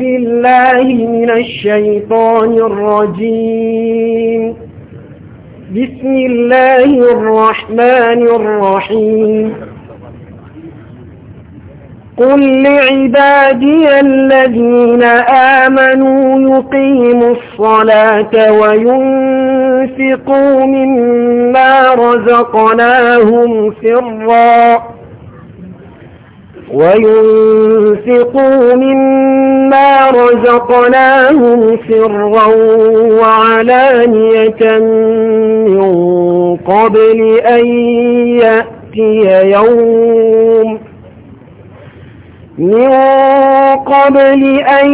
بالله من الشيطان الرجيم بسم الله الرحمن الرحيم قل لعبادي الذين آمنوا يقيموا الصلاة وينفقوا مما رزقناهم سرًّا وينفقوا مما رزقناهم سرا وعلانية من قبل أن يأتي يوم من قبل أن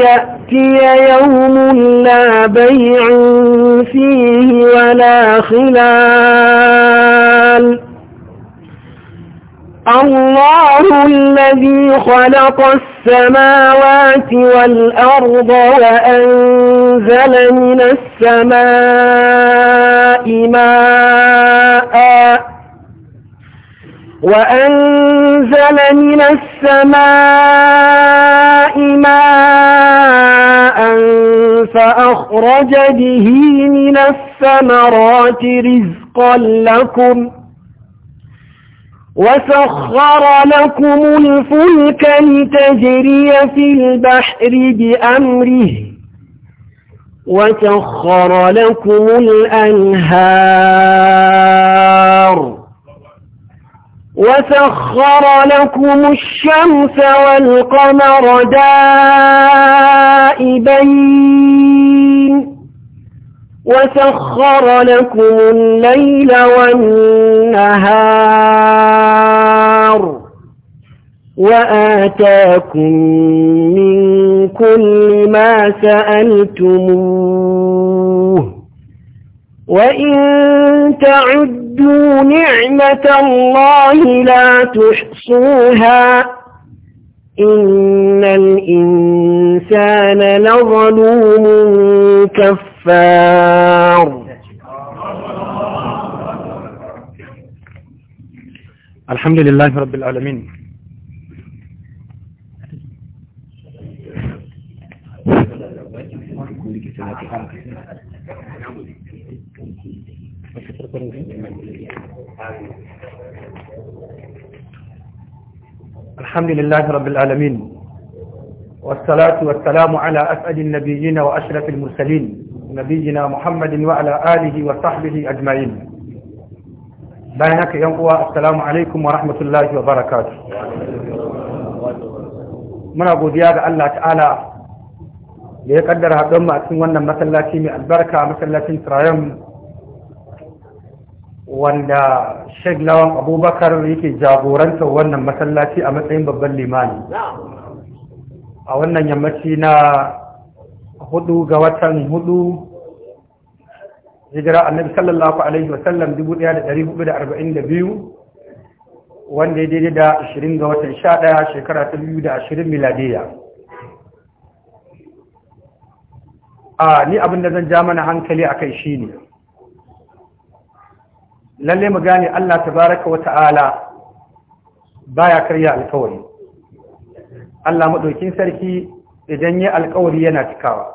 يأتي يوم لا بيع فيه ولا خلال الله الذي خلق السماوات والأرض وأنزل من السماء ماءً وأنزل من السماء ماء فأخرج به من الثمرات رزقا لكم وسخر لكم الفلك لتجري في البحر بأمره وسخر لكم الأنهار وسخر لكم الشمس والقمر دائبين وسخر لكم الليل والنهار وآتاكم من كل ما سألتموه وإن تعدوا نعمة الله لا تحصوها إن الإنسان لظلوم كفر الكفار الحمد لله رب العالمين الحمد لله رب العالمين والصلاة والسلام على أسعد النبيين وأشرف المرسلين نبينا محمد وعلى آله وصحبه أجمعين بينك يوم السلام عليكم rahmatullahi wa barakatu muna godiya ga Allah ta'ala da ya kaddara haɗon mu a cikin wannan masallaci mai albarka masallacin Trayam wanda Sheikh Lawan Abubakar yake jagorantar wannan masallaci a matsayin babban limami a wannan yammaci na hudu ga watan hudu hijira annabi sallallahu alaihi wa wasallam 1442 wanda ya daidai da 20 ga watan 11 shekara ta 2020 miladiya a ni abin da zan ja mana hankali a kai shi ne lalle mu gane Allah tabaraka wa ta'ala baya karya alkawari Allah maɗaukin sarki idan ya alkawari yana cikawa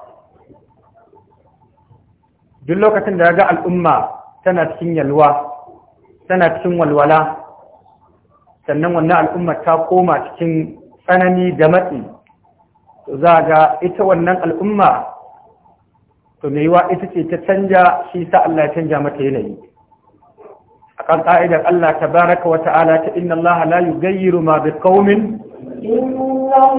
duk lokacin da ga al'umma tana cikin yalwa tana cikin walwala sannan wannan al'umma ta koma cikin tsanani da matsi to za ga ita wannan al'umma to mai yiwa ita ce ta canja shi sa Allah ya canja mata yanayi a kan ka'idar Allah ta baraka Wata'ala ta inna Allah la yughayyiru ma biqaumin إن الله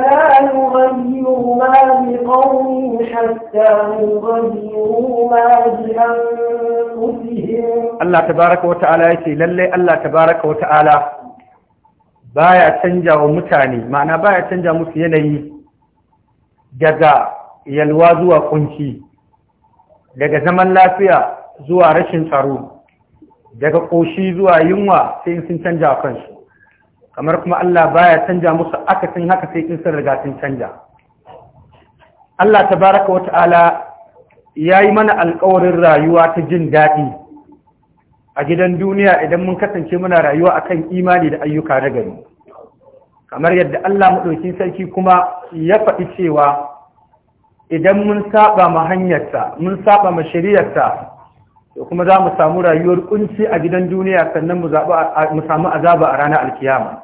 لا يغير ما بقوم حتى يغيروا ما بأنفسهم الله تبارك وتعالى يتي للي canja wa mutane ma'ana baya canja musu yanayi daga yalwa zuwa kunci daga zaman lafiya zuwa rashin tsaro daga ƙoshi zuwa yunwa sai sun canja kansu kamar kuma Allah baya canja musu akasin haka sai in san riga sun canja Allah tabaraka wata'ala yayi mana alƙawarin rayuwa ta jin daɗi a gidan duniya idan mun kasance muna rayuwa akan imani da ayyuka na gari kamar yadda Allah madauki sarki kuma ya faɗi cewa idan mun saba ma hanyarsa mun saba ma shari'arsa to kuma za mu samu rayuwar kunci a gidan duniya sannan mu mu samu azaba a ranar alkiyama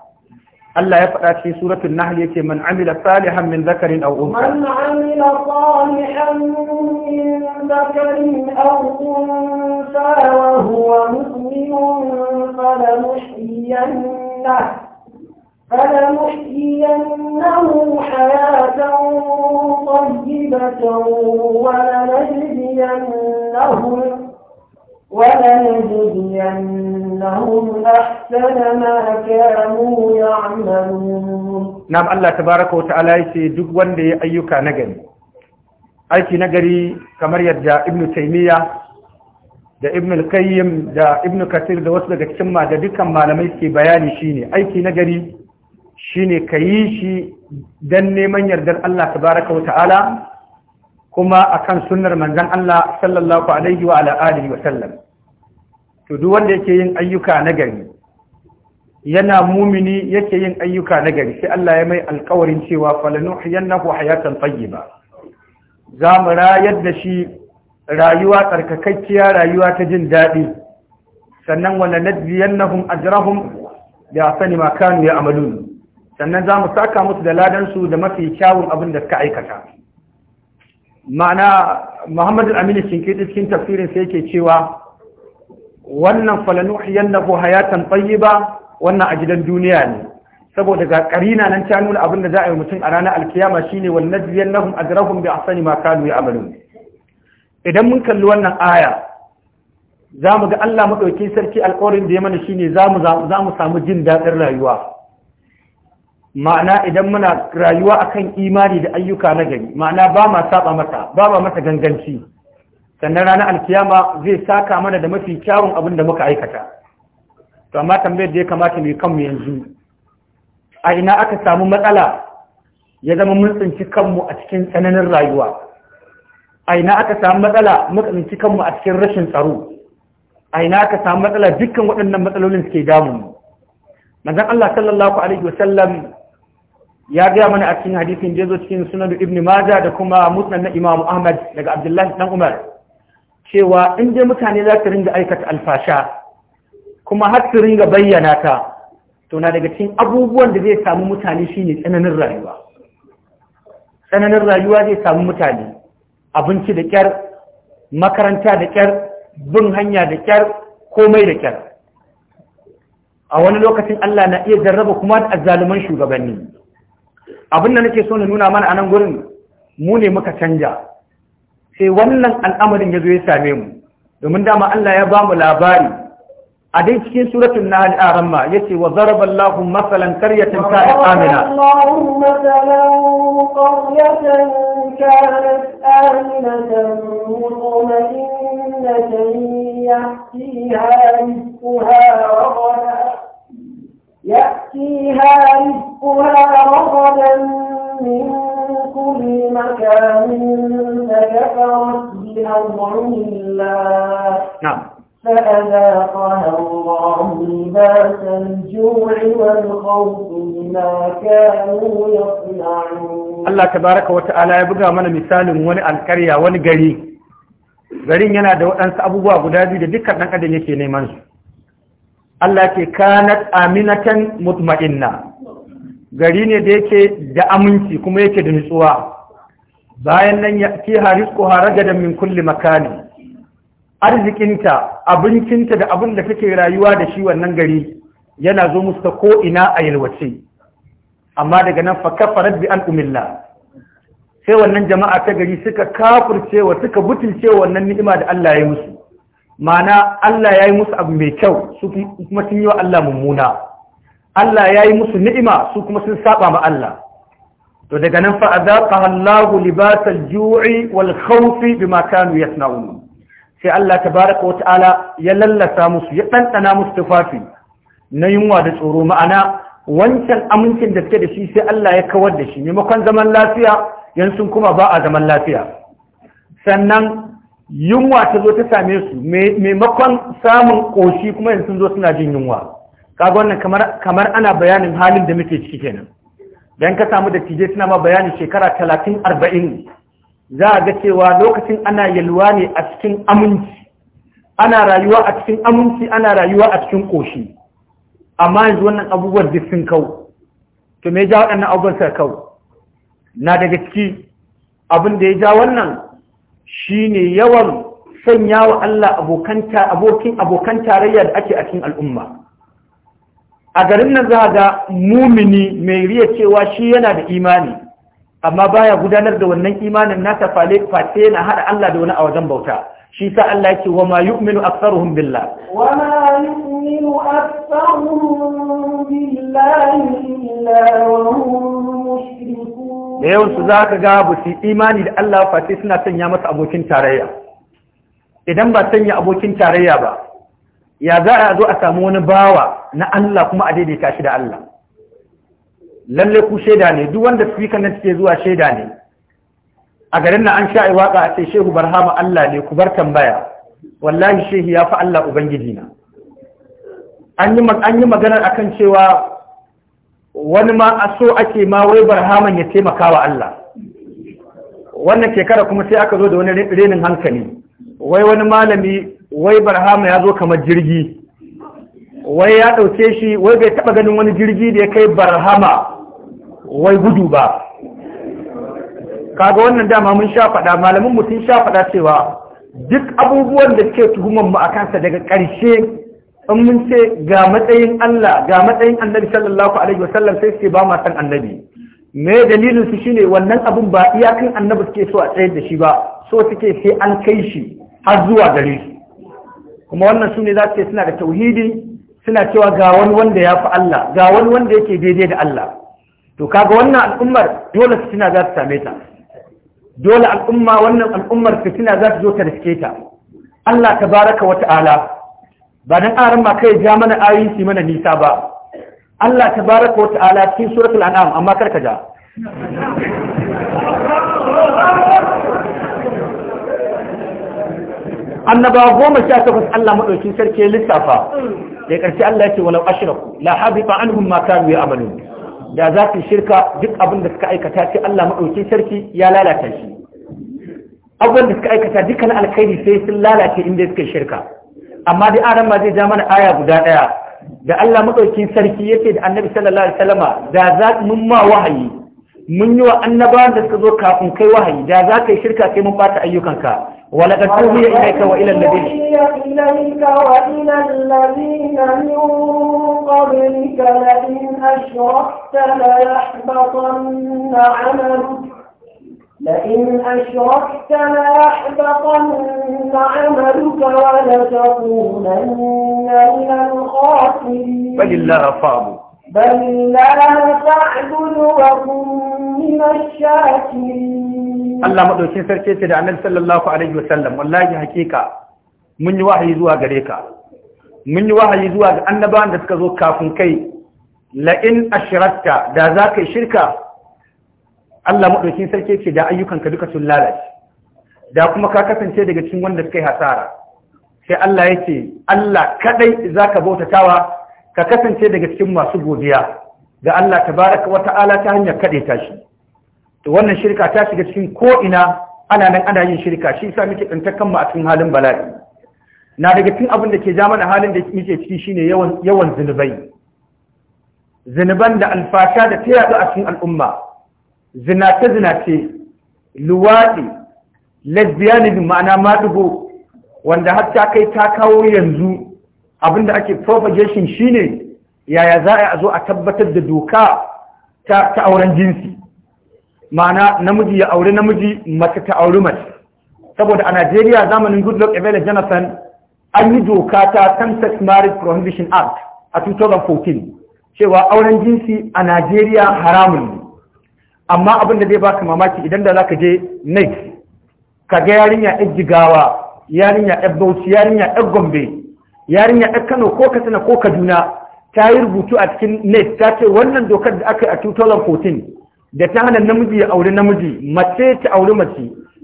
Allah ya faɗa cikin suratul nahl yace man amila salihan min zakarin aw unsa man amila salihan min zakarin aw unsa wa huwa mu'minun falanuhyiyannahu فلنحيينه حياة طيبة ولنجزينهم Allah ta baraka كانوا يعملون ya الله تبارك وتعالى يسي ayyuka na gani. Aiki na gari kamar yadda Ibn تيمية da ibn al-qayyim da ibn kathir da wasu daga cikin ma da dukkan malamai suke bayani shine aiki na gari shine kayi shi dan neman yardar Allah tabaraka wa ta'ala kuma akan sunnar manzon Allah sallallahu alaihi wa ala alihi wa sallam to duk wanda yake yin ayyuka na gari yana mumini yake yin ayyuka na gari sai Allah ya mai alƙawarin cewa falanu falanuhiyannahu hayatan tayyiba za mu rayar da shi rayuwa tsarkakakkiya rayuwa ta jin daɗi sannan wanda najziyannahum ajrahum da sani ma kanu ya amalun sannan za mu saka musu da ladan su da mafi kyawun abin da suka aikata ma'ana Muhammadu Aminu cikin tafsirin sai yake cewa wannan falanuhiyannahu hayatan ba, wannan a gidan duniya ne saboda ga karina nan ta nuna abin da za a yi mutum a ranar alkiyama shine wal najziyannahum a bi maka, ma kanu amalu idan mun kalli wannan aya za mu ga Allah maɗauki sarki alkawarin da ya mana shine za mu samu jin daɗin rayuwa ma'ana idan muna rayuwa akan imani da ayyuka na gari ma'ana ba ma saba mata ba ma mata ganganci sannan ranar alkiyama zai saka mana da mafi kyawun abin da muka aikata to amma tambayar da ya kamata mai kanmu yanzu a ina aka samu matsala ya zama mun tsinci kanmu a cikin tsananin rayuwa a ina aka samu matsala mun tsinci kanmu a cikin rashin tsaro a ina aka samu matsala dukkan waɗannan matsalolin suke damu? manzon Allah sallallahu alaihi wasallam ya gaya mana a cikin hadisin da ya zo cikin sunan ibn maja da kuma musnad na Imam ahmad daga abdullahi dan umar cewa in dai mutane za su ringa aikata alfasha kuma har su ringa bayyana ta to na daga cikin abubuwan da zai samu mutane shine tsananin rayuwa tsananin rayuwa zai samu mutane abinci da kyar makaranta da kyar bin hanya da kyar komai da kyar a wani lokacin Allah na iya jarraba kuma da azzaluman shugabanni abin da nake so na nuna mana a nan gurin mu ne muka canja sai wannan al'amarin ya zo ya same mu domin dama Allah ya ba mu labari a dai cikin suratul nahl aramma yace wa daraba Allahu masalan qaryatan kanat amina Allahu masalan qaryatan kanat aminatan mutma'innatan yahtiha rizquha يأتيها رزقها رغدا من مكان كفرت بأنعم الله نعم فأذاقها الله لباس الجوع والخوف بما كانوا يصنعون الله تبارك وتعالى يبقى من مثال القرية garin yana da waɗansu abubuwa guda biyu da dukkan ɗan adam yake neman su Allah ke kanat aminatan mutma'inna gari ne da yake da aminci kuma yake da nutsuwa bayan nan ya ce harizquha ragadan min kulli makani arzikinta abincinta da abin da take rayuwa da shi wannan gari yana zo musu ta ko ina a yalwace amma daga nan fa kafarat bi al'umillah sai wannan jama'a ta gari suka kafurcewa suka butulce wannan ni'ima da Allah ya yi musu ma'ana Allah ya yi musu abu mai kyau su kuma sun yi wa Allah mummuna Allah ya yi musu ni'ima su kuma sun saba ma Allah to daga nan fa za Allahu libasal ju'i wal khawfi bima kanu sai Allah baraka wa ta'ala ya lallasa musu ya ɗanɗana musu tufafi na yunwa da tsoro ma'ana wancan amincin da suke da shi sai Allah ya kawar da shi maimakon zaman lafiya yanzu kuma ba a zaman lafiya sannan yunwa ta zo ta same su maimakon samun ƙoshi kuma yanzu zo suna jin yunwa kaga wannan kamar ana bayanin halin da muke ciki kenan dan ka samu da tije suna ma bayani shekara talatin arba'in za a ga cewa lokacin ana yalwa ne a cikin aminci ana rayuwa a cikin aminci ana rayuwa a cikin ƙoshi amma yanzu wannan abubuwan duk sun kau to me ya ja waɗannan abubuwan suka kau na daga ciki abin da ya ja wannan shine yawan sanya wa Allah abokan abokin abokan tarayya da ake a cikin al'umma a garin nan za ga mumini mai riya cewa shi yana da imani amma baya gudanar da wannan imanin nasa fale fate yana hada Allah da wani a wajen bauta shi sa Allah yake wa ma yu'minu aktsaruhum billah wa ma yu'minu aktsaruhum billahi illa wa hum mushrikun da yawan ga ba su imani da Allah fate suna sanya masa abokin tarayya idan ba sanya abokin tarayya ba ya za a zo a samu wani bawa na Allah kuma a daidaita shi da Allah lalle ku shaida ne duk wanda speaker nan take zuwa shaida ne a garin nan an sha waka a ce shehu barhama Allah ne ku bar tambaya wallahi shehi ya fi Allah ubangiji na an yi an yi maganar akan cewa wani ma a so ake ma wai barhaman ya taimaka wa Allah wannan shekara kuma sai aka zo da wani renin hankali wai wani malami wai barhama ya zo kamar jirgi wai ya ɗauke shi wai bai taɓa ganin wani jirgi da ya kai barhama wai gudu ba kaga wannan dama mun sha faɗa malamin mutum sha faɗa cewa duk abubuwan da ke tuhumar mu a kansa daga ƙarshe in mun ce ga matsayin Allah ga matsayin annabi sallallahu alaihi wasallam sai ce ba ma annabi me dalilin su shine wannan abin ba iyakan annabi suke so a tsayar da shi ba so suke sai an kai shi har zuwa gare shi kuma wannan su ne za su ce suna da tauhidi suna cewa ga wani wanda ya fi Allah ga wani wanda yake daidai da Allah to kaga wannan al'ummar dole su suna za su same ta dole al'umma wannan al'ummar su suna za su zo ta riske ta Allah ta baraka wa ta'ala ba dan aran ma kai ja mana ayyuki su mana nisa ba Allah ta baraka wa ta'ala cikin suratul an'am amma karka ja annabawa goma sha takwas Allah madaukin sarki ya lissafa da karshe Allah ya ce walau ashraku la habita anhum ma kanu ya'malun da za su shirka duk abin da suka aikata sai Allah madaukin sarki ya lalata shi abubuwan da suka aikata dukkan alkhairi sai sun lalace inda suka shirka amma dai aran ma zai ja mana aya guda daya da Allah madaukin sarki yake da annabi sallallahu alaihi wasallama da za mu ma wahayi mun yi wa annabawan da suka zo kafin kai wahayi da za ka yi shirka sai mun bata ayyukanka ولقد أوحي إليك وإلى الذين من قبلك لئن أشركت ليحبطن عملك لئن أشركت ليحبطن عملك ولتكونن من الخاسرين بل الله فاعبد بل الله فاعبد وكن من الشاكرين Allah madaukin sarki ce da annabi sallallahu alaihi sallam, wallahi hakika mun yi wahayi zuwa gare ka mun yi wahayi zuwa ga annabawan da suka zo kafin kai la in da za ka shirka Allah madaukin sarki ce da ayyukanka duka sun lalace da kuma ka kasance daga cikin wanda suka yi hasara sai Allah ya ce Allah kadai ka bautatawa ka kasance daga cikin masu godiya ga Allah tabaraka wa ta'ala ta hanyar kaɗe ta shi to wannan shirka ta shiga cikin ko'ina ana nan ana yin shirka shi sa muke tsantar kanmu a cikin halin bala'i na daga cikin abin da ke ja mana halin da muke ciki shine yawan yawan zunubai zunuban da alfasha da ta yaɗu a cikin al'umma zinace zinace luwaɗi lesbianism ma'ana maɗigo wanda har ta kai ta kawo yanzu Abin da ake propagation shine yaya za a zo a tabbatar da doka ta auren jinsi ma'ana namiji ya aure namiji mace ta auri mace saboda a Najeriya zamanin Goodluck Ebele Jonathan an yi doka ta Same-Sex Marriage Prohibition Act a 2014 cewa auren jinsi a Najeriya haramun ne amma abin da zai baka mamaki idan da zaka je next ka ga yarinya ɗan jigawa yarinya ɗan bauchi yarinya ɗan gombe yarinya ɗan kano ko katsina ko kaduna ta yi rubutu a cikin net ta ce wannan dokar da aka yi a 2014 da ta hana namiji ya aure namiji mace ta aure mace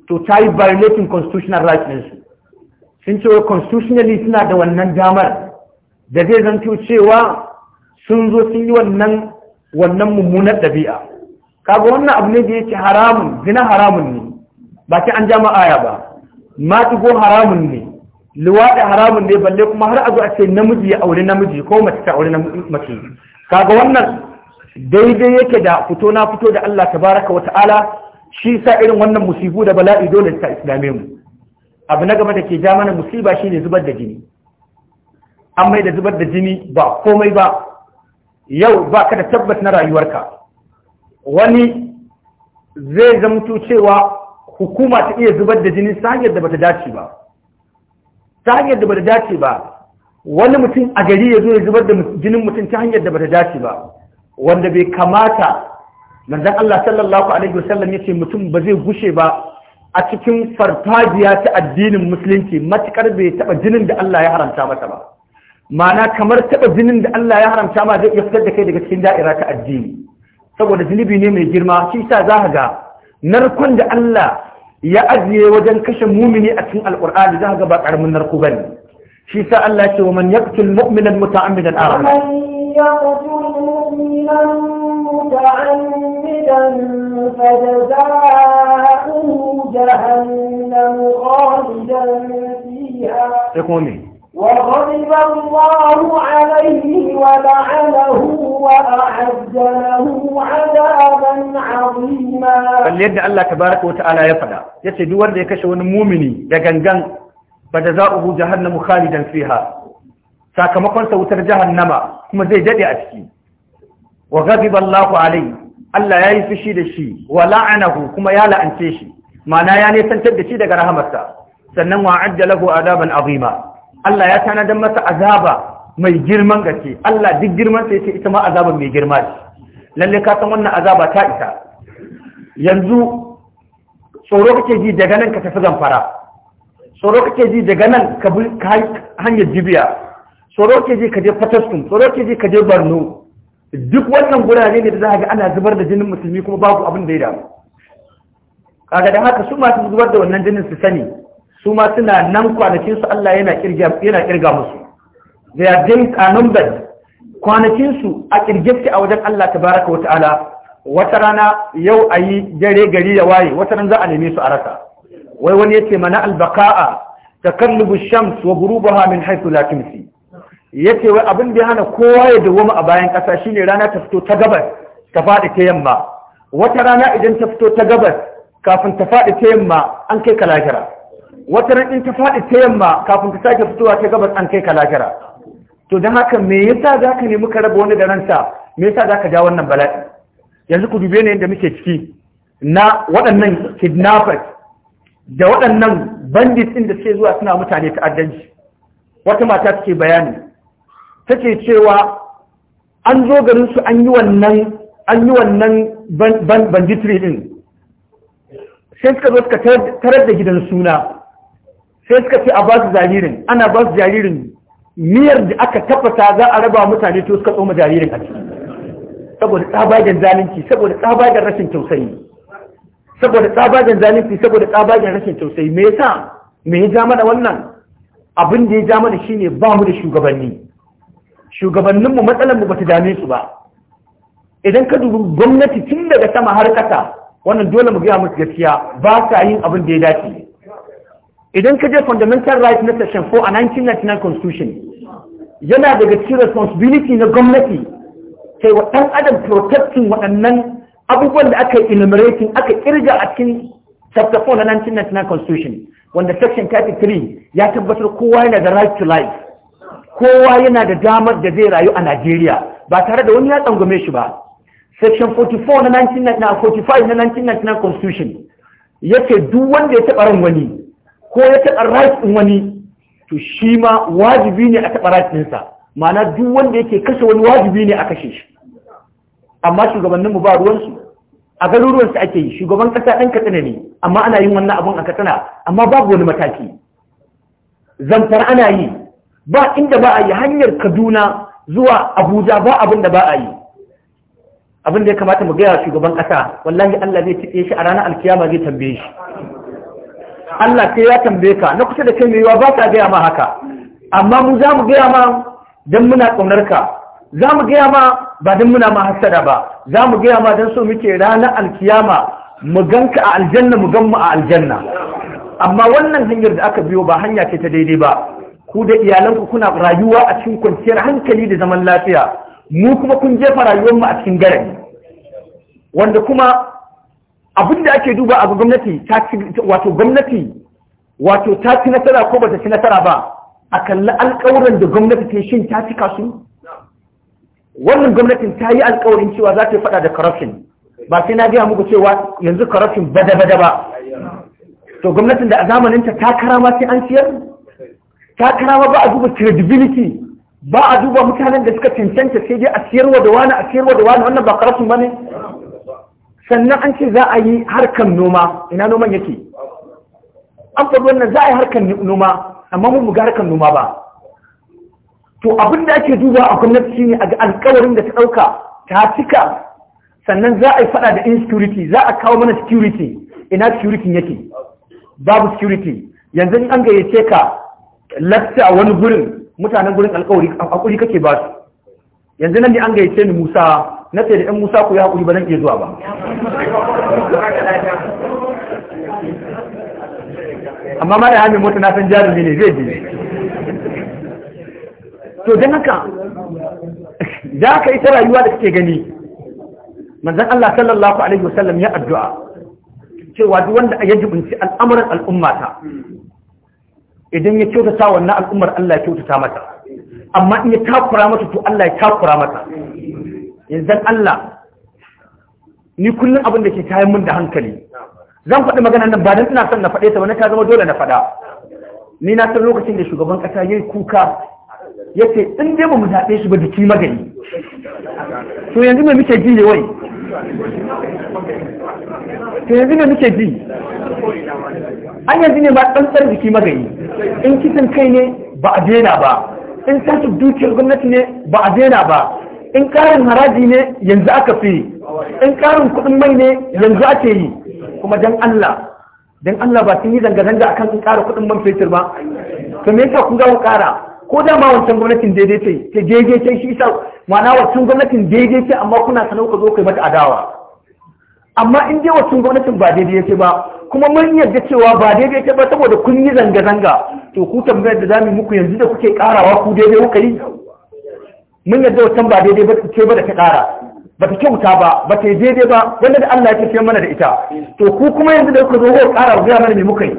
to ta yi violating constitutional rights su sun cewa constitutionally suna da wannan damar da zai zanto cewa sun zo sun yi wannan wannan mummunar ɗabi'a kaga wannan abu ne da yake haramun zina haramun ne ba ta an jama aya ba matigo haramun ne luwaɗe haramun ne balle kuma har a zo a ce namiji ya aure namiji ko mace ta aure mace kaga wannan daidai yake da fito na fito da Allah tabaraka wa ta'ala shi sa irin wannan musibu da bala'i dole ta islame mu abu na gaba da ke ja mana musiba shine zubar da jini an mai da zubar da jini ba komai ba yau ba ka da tabbas na rayuwarka wani zai zamto cewa hukuma ta iya zubar da jini ta hanyar da bata dace ba ta hanyar da bata dace ba wani mutum a gari ya zo ya zubar da jinin mutum ta hanyar da bata dace ba wanda bai kamata manzon Allah sallallahu alaihi wasallam ce mutum ba zai gushe ba a cikin farfajiya ta addinin musulunci matukar bai taba jinin da Allah ya haramta masa ba ma'ana kamar taba jinin da Allah ya haramta ma zai iya fitar da kai daga cikin da'ira ta addini saboda zunubi ne mai girma shi sa za ga narkon da Allah ya ajiye wajen kashe mumini a cikin alkur'ani za ga ba karamin narko bane shi sa Allah ya ce wa man yaqtul mu'mina muta'ammidan a'ma يقتل مؤمنا متعمدا فجزاؤه جهنم خالدا فيها وغضب الله عليه ولعنه وأعد له عذابا عظيما فاليد الله تبارك وتعالى يفعل يتدور لكشف مؤمني دقنقن فجزاؤه جهنم خالدا فيها sakamakon sa wutar jahannama kuma zai dade a ciki wa ghadiba Allahu alai Allah yayi fushi da shi wa la'anahu kuma ya la'ance shi Mana ya nisantar da shi daga rahamarsa sannan wa adda azaban azima Allah ya tanadar masa azaba mai girman gaske Allah duk girman sa yake ita ma azaban mai girma ce lalle ka san wannan azaba ta ita. yanzu tsoro kake ji daga nan ka tafi zamfara tsoro kake ji daga nan ka hanyar jibiya tsoro ke je kaje je tsoro ke je barno duk wannan gurare ne da za a ga ana zubar da jinin musulmi kuma babu abin da ya damu kaga da haka su masu zubar da wannan jinin su sani su ma suna nan kwanakin su Allah yana kirga yana kirga musu Da ya days are numbered kwanakin su a kirgefti a wajen Allah tabaraka wa ta'ala wata rana yau ayi dare gari ya waye wata rana za a neme su a rasa wai wani yace mana albaqa'a takallubu shams wa ghurubaha min haythu la tumsi ya ce wai abin da ya hana kowa ya dawo a bayan ƙasa shine rana ta fito ta gabas ta faɗi ta yamma wata rana idan ta fito ta gabas kafin ta faɗi ta yamma an kai ka lahira wata rana in ta faɗi ta yamma kafin ta sake fitowa ta gabas an kai ka lahira to dan haka me yasa za ka nemi ka raba wani da ransa me yasa za ka ja wannan bala'i yanzu ku dube ne yadda muke ciki na waɗannan kidnappers da waɗannan bandits ɗin da suke zuwa suna mutane ta'addanci wata mata suke bayani take cewa an zo garin su an yi wannan an yi wannan banditri din sai suka zo suka tarar da gidan suna sai suka ce a ba su jaririn ana ba su jaririn miyar da aka tabbata za a raba mutane to suka tsoma jaririn a ciki saboda tsabagen zalunci saboda tsabagen rashin tausayi saboda tsabagen zalunci saboda tsabagen rashin tausayi me yasa me ya ja mana wannan abin da ya ja mana shine ba mu da shugabanni shugabanninmu matsalarmu ba ta dame su ba idan ka dubi gwamnati tun daga sama har kasa wannan dole mu gaya musu gaskiya ba sa yin abin da ya dace idan ka je fundamental right na section 4 a 1999 constitution yana daga cikin responsibility na gwamnati sai wa ɗan adam protecting waɗannan abubuwan da aka enumerating aka kirga a cikin chapter 4 na 1999 constitution wanda section 33 ya tabbatar kowa yana da right to life kowa yana da damar da zai rayu a Najeriya ba tare da wani ya tsangwame shi ba section 44 na 1945 na 1999 constitution yake duk wanda ya taɓa ran wani ko ya taɓa rights wani to shi ma wajibi ne a taɓa rights ma'ana duk wanda yake kashe wani wajibi ne a kashe shi amma mu ba ruwansu a garuruwansu ake yi shugaban ƙasa ɗan katsina ne amma ana yin wannan abun a katsina amma babu wani mataki zantar ana yi ba inda ba a yi hanyar kaduna zuwa abuja ba abin da ba a yi abin da ya kamata mu gaya shugaban ƙasa wallahi allah zai tiɗe shi a ranar alkiyama zai tambaye shi allah sai ya tambaye ka na kusa da kai wa ba ka gaya ma haka amma mu za mu gaya ma don muna ƙaunar ka za mu gaya ma ba don muna ma ba za mu gaya ma don so muke ranar alkiyama mu ganka a aljanna mu gan mu a aljanna amma wannan hanyar da aka biyo ba hanya ce ta daidai ba ku da iyalanku kuna rayuwa a cikin kwanciyar hankali da zaman lafiya mu kuma kun jefa rayuwar mu a cikin garari wanda kuma abin da ake duba a gwamnati wato gwamnati wato ta ci nasara ko bata ci nasara ba a kalli alƙawuran da gwamnati ta shin ta cika su wannan gwamnatin ta yi alkawarin cewa za ta faɗa da corruption ba sai na gaya muku cewa yanzu corruption bada bada ba to gwamnatin da a zamaninta ta kara ma sai an siyar takara ba a duba credibility ba a duba mutanen da suka cancanta sai dai a siyarwa da wani a siyarwa da wani wannan ba karatun ba ne sannan an ce za a yi harkar noma ina noman yake an faɗi wannan za a yi harkar noma amma mun ga harkar noma ba to abin da ake duba a gwamnati shine a ga alkawarin da ta ɗauka ta cika sannan za a yi faɗa da insecurity za a kawo mana security ina security yake babu security yanzu an gayyace ka latta a wani gurin mutanen gurin alkawari hakuri kake ba su yanzu nan ne an gayyace ni Musa na ce da ɗan Musa ku ya haƙuri, ba zan iya zuwa ba amma ma da mota na san jarumi ne zai je to dan haka da ka ta rayuwa da kake gani manzan Allah sallallahu alaihi wasallam ya addu'a cewa duk wanda ya jibinci al'amuran al'ummata idan ya kyautata wannan al'ummar Allah ya kyautata mata amma in ya takura mata to Allah ya takura mata yanzu Allah ni kullum abin da ke kayan mun da hankali zan faɗi magana nan ba dan ina son na faɗe ta ba na ta zama dole na faɗa ni na san lokacin da shugaban ƙasa yayi kuka yace in dai ba mu zaɓe shi ba da kima gari to yanzu me muke ji ne wai to yanzu me muke ji an yanzu ne ma tsantsar jiki magani. in kisan kai ne ba a daina ba in tashin dukiyar gwamnati ne ba a daina ba in karin haraji ne yanzu aka fi in karin kuɗin mai ne yanzu ake yi kuma dan Allah dan Allah ba sun yi zanga-zanga akan in ƙara kuɗin man fetur ba to me yasa kun ga ku ƙara ko da ma wancan gwamnatin daidai ce ta daidai ce shi sa ma'ana wancan gwamnatin daidai ce amma kuna sanau ka zo kai mata adawa amma in je wasu gwamnatin ba daidai yake ba kuma mun yarda cewa ba daidai yake ba saboda kun yi zanga-zanga to ku tambayar da zamu muku yanzu da kuke karawa ku daidai kuka yi mun yarda wacin ba daidai ba ce ba da ta kara ba ta kyauta ba ba ta daidai ba wanda da Allah ya ce mana da ita to ku kuma yanzu da kuka zo ku kara ga mana me muka yi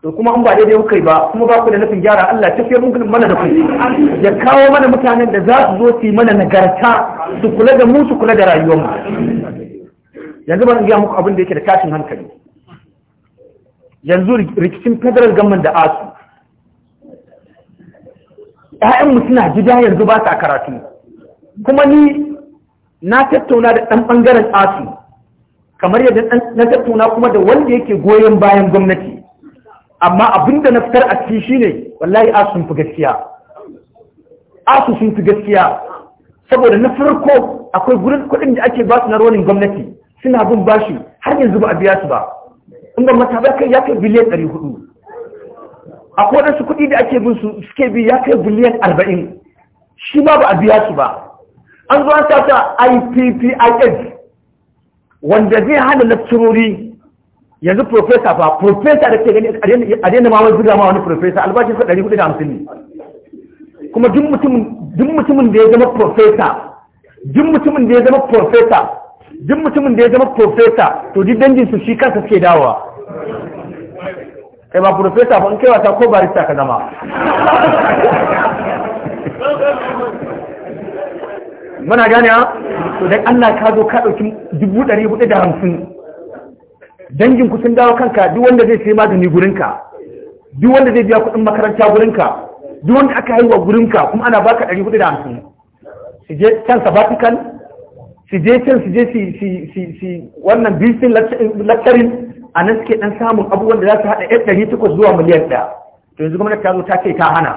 to kuma in ba daidai kuka yi ba kuma ba ku da nufin gyara Allah ya fiye mun mana da ku ya kawo mana mutanen da za su zo su yi mana nagarta su kula da mu su kula da mu yanzu ba gaya muku abin da yake da tashin hankali yanzu rikicin federal government da asu ‘ya'yanmu suna gida yanzu ba sa karatu kuma ni na tattauna da ɗan ɓangaren asu kamar yadda na tattauna kuma da wanda yake goyon bayan gwamnati amma abin da na fitar a ciki shine wallahi asu sun fi gaskiya asu sun fi gaskiya saboda na farko akwai gurin kuɗin da ake ba su na ronin gwamnati suna bin bashi har yanzu ba a biya su ba in ba mata ba kai ya kai biliyan ɗari hudu akwai su kuɗi da ake bin su suke bi ya kai biliyan arba'in shi ma ba a biya su ba an zo an sata IPPIS wanda zai hana lakturori yanzu profesa ba profesa da ke gani a daina ma wani guda ma wani profesa albashin sa 450 ne kuma duk mutumin da ya zama profesa duk mutumin da ya zama profesa duk mutumin da ya zama profesa to duk dangin su shi kansa suke dawowa kai ba profesa ba in kai wasa ko barista ka zama muna gane ha to dan Allah ka zo ka dauki dubu ɗari hudu da hamsin dangin ku sun dawo kanka duk wanda zai sai magani gurinka duk wanda zai biya kuɗin makaranta gurinka duk wanda aka haihuwa gurinka kuma ana baka ɗari hudu da hamsin je can sabbatical su je can su je su wannan bisin lakarin a nan suke dan samun abubuwan da za su haɗa yan ɗari zuwa miliyan ɗaya to yanzu gwamnati ta zo ta ce ta hana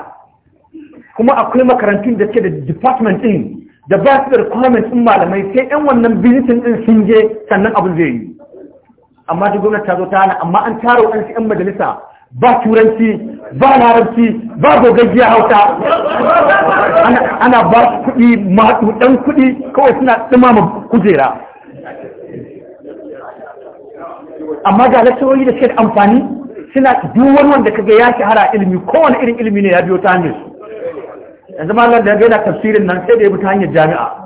kuma akwai makarantun da suke da department ɗin da ba su da requirement ɗin malamai sai yan wannan bisin ɗin sun je sannan abu zai yi amma duk gwamnati ta zo ta hana amma an tara waɗansu yan majalisa ba turanci ba larabci ba gogaggiya hauta ana ba su kuɗi masu ɗan kuɗi kawai suna ɗumama kujera amma ga lakcirori da suke da amfani suna duk wani wanda kaga ya shahara ilimi kowane irin ilimi ne ya biyo ta hanyar su yanzu malar da yana tafsirin nan sai da ya bi ta hanyar jami'a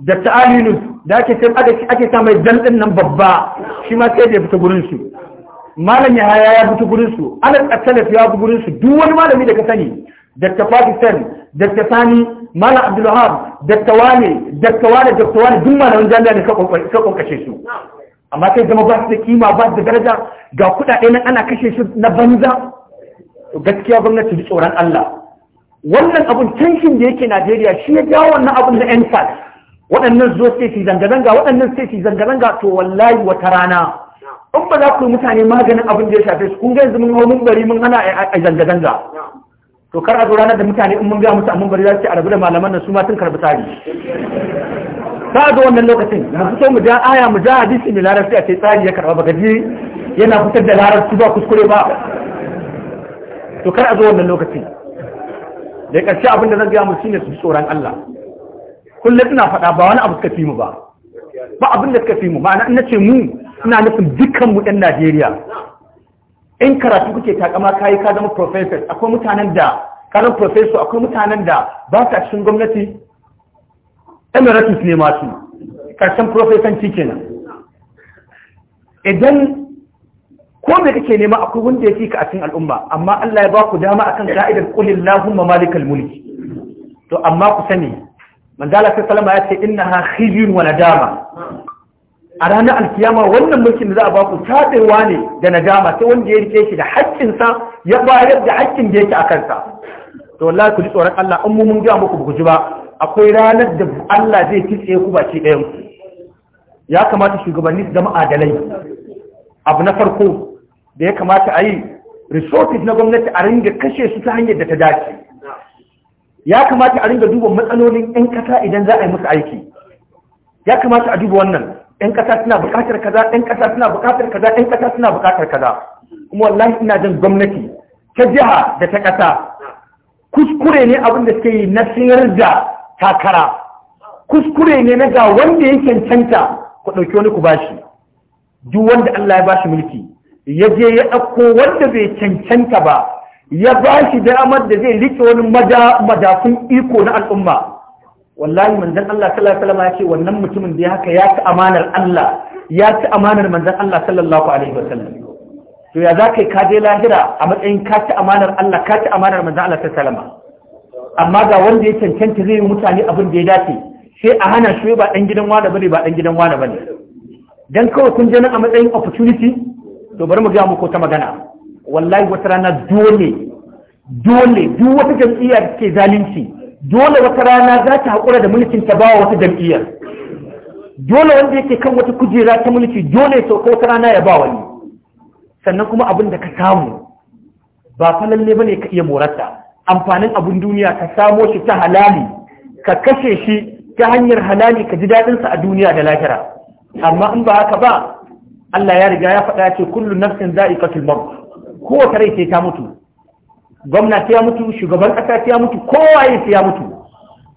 da ta'alinu da ake ake sa mai dan nan babba shi ma sai da ya fita gurin su malam yahaya ya fito gurin su alal atalaf ya bi gurin su duk wani malami da ka sani dakta pakistan dakta sani malam abdulwahab dakta wane dakta wane dakta wane duk malamin jami'a da ka kokace su amma sai zama ba su da kima ba su da daraja ga kuɗaɗe nan ana kashe su na banza gaskiya gwamnati da tsoron Allah wannan abun tension da yake Najeriya shi ya jawo wannan abun na NSAS waɗannan zo sai su zanga-zanga waɗannan sai su zanga-zanga to wallahi wata rana in ba za ku mutane maganin abin da ya shafe su kun ga yanzu mun hau mun bari mun hana a zanga-zanga to kar a zo ranar da mutane in mun ga musu mun bari za su ce a rabu da malaman nan su ma sun karbi tsari ta zo wannan lokacin mu fito mu ja aya mu ja hadisi mai larabci a ce tsari ya karba baka ji yana fitar da larabci ba kuskure ba to kar a zo wannan lokacin da karshe abin da zan gaya musu shine su bi tsoron Allah kullum ina faɗa ba wani abu suka fi mu ba ba abin da suka fi mu ma'ana in nace mu ina nufin dukkan mu ɗan Najeriya in karatu kuke takama kayi ka zama professor akwai mutanen da karan professor akwai mutanen da ba sa cikin gwamnati emiratus ne masu karshen professanci kenan idan ko me kake nema akwai wanda ya fi ka a cikin al'umma amma Allah ya ba ku dama akan ka'idar qul illahumma malikal mulki to amma ku sani manzala salama ya ce innaha khizyun wa nadama a ranar alkiyama wannan mulkin da za a ba ku tsadewa ne da nadama sai wanda ya rike shi da haƙƙinsa ya bayar da haƙƙin da yake a kansa to wallahi ku ji tsoron Allah an mun ga muku ku ji ba akwai ranar da Allah zai kitse ku baki ɗayan ku ya kamata shugabanni su zama adalai abu na farko da ya kamata a yi resources na gwamnati a ringa kashe su ta hanyar da ta dace ya kamata a ringa duba matsalolin ƴan kasa idan za a yi musu aiki ya kamata a duba wannan ɗan ƙasa suna buƙatar kaza ɗan ƙasa suna buƙatar kaza ɗan ƙasa suna buƙatar kaza kuma wallahi ina jin gwamnati ta jiha da ta ƙasa kuskure ne abin da suke yi na sayar da takara kuskure ne na ga wanda ya cancanta ku ɗauki wani ku bashi duk wanda Allah ya bashi mulki ya je ya ɗauko wanda bai cancanta ba ya bashi damar da zai riƙe wani madafun iko na al'umma wallahi manzon Allah sallallahu alaihi wasallam ya ce wannan mutumin da ya haka ya ci amanar Allah ya ci amanar manzon Allah sallallahu alaihi wasallam to ya za kai ka je lahira a matsayin ka ci amanar Allah ka ci amanar manzon Allah sallallahu alaihi wasallam amma ga wanda ya cancanta zai yi mutane abin da ya dace sai a hana shi ba dan gidan wani bane ba dan gidan wani bane dan kawai kun je nan a matsayin opportunity to bari mu ga muku ta magana wallahi wata rana dole dole duk wata jam'iyya da ke zalunci dole wata rana za ta haƙura da mulkin ta bawa wata jam'iyyar dole wanda yake kan wata kujera ta mulki dole ya sauka wata rana ya ba wani sannan kuma abin da ka samu ba fa lalle bane ka iya morarta amfanin abin duniya ka samo shi ta halali ka kashe shi ta hanyar halali ka ji daɗin sa a duniya da lahira amma in ba haka ba Allah ya riga ya faɗa ce kullu nafsin za'iqatul maut kowace rai sai ta mutu gwamna ya mutu shugaban ƙasa ya mutu kowaye ya mutu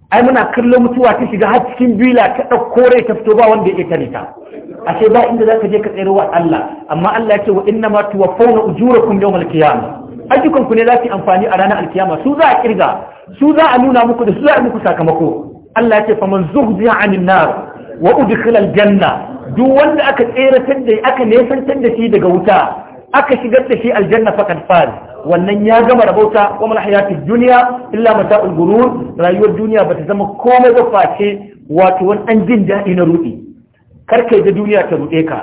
ai muna kallon mutuwa ta shiga har cikin bila ta ɗauko rai ta fito ba wanda ya tare ta ashe ba inda za ka je ka tsere a Allah amma Allah ya ce wa inna ma tuwaffawna ujurakum yawmal qiyamah ayyukan ku ne za su amfani a ranar alkiyama su za a kirga su za a nuna muku da su za a muku sakamako Allah ya ce faman zuhziya anin nar wa udkhila aljanna duk wanda aka tseratar da aka nesantar da shi daga wuta aka shigar da shi aljanna faqad faz wannan ya gama rabauta kuma man hayatid duniya, illa mata'ul gurur rayuwar duniya bata zama komai ba face wato wani an jin daɗi na ruɗi kar kai da duniya ta ruɗe ka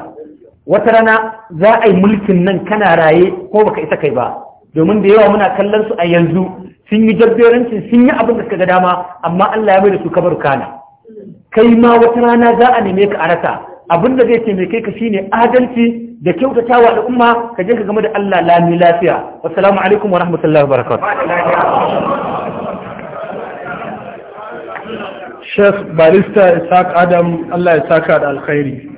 wata rana za a yi mulkin nan kana raye ko baka isa kai ba domin da yawa muna kallon su a yanzu sun yi jabberancin sun yi abin da suka ga dama amma Allah ya mai da su kabar kana kai ma wata rana za a neme ka a rasa abin da zai taimake ka shine adalci da kyautata wa al'umma ka je ka game da Allah lami lafiya assalamu alaikum wa rahmatullahi wa barakatuh Sheikh Barista Isaac Adam Allah ya saka da alkhairi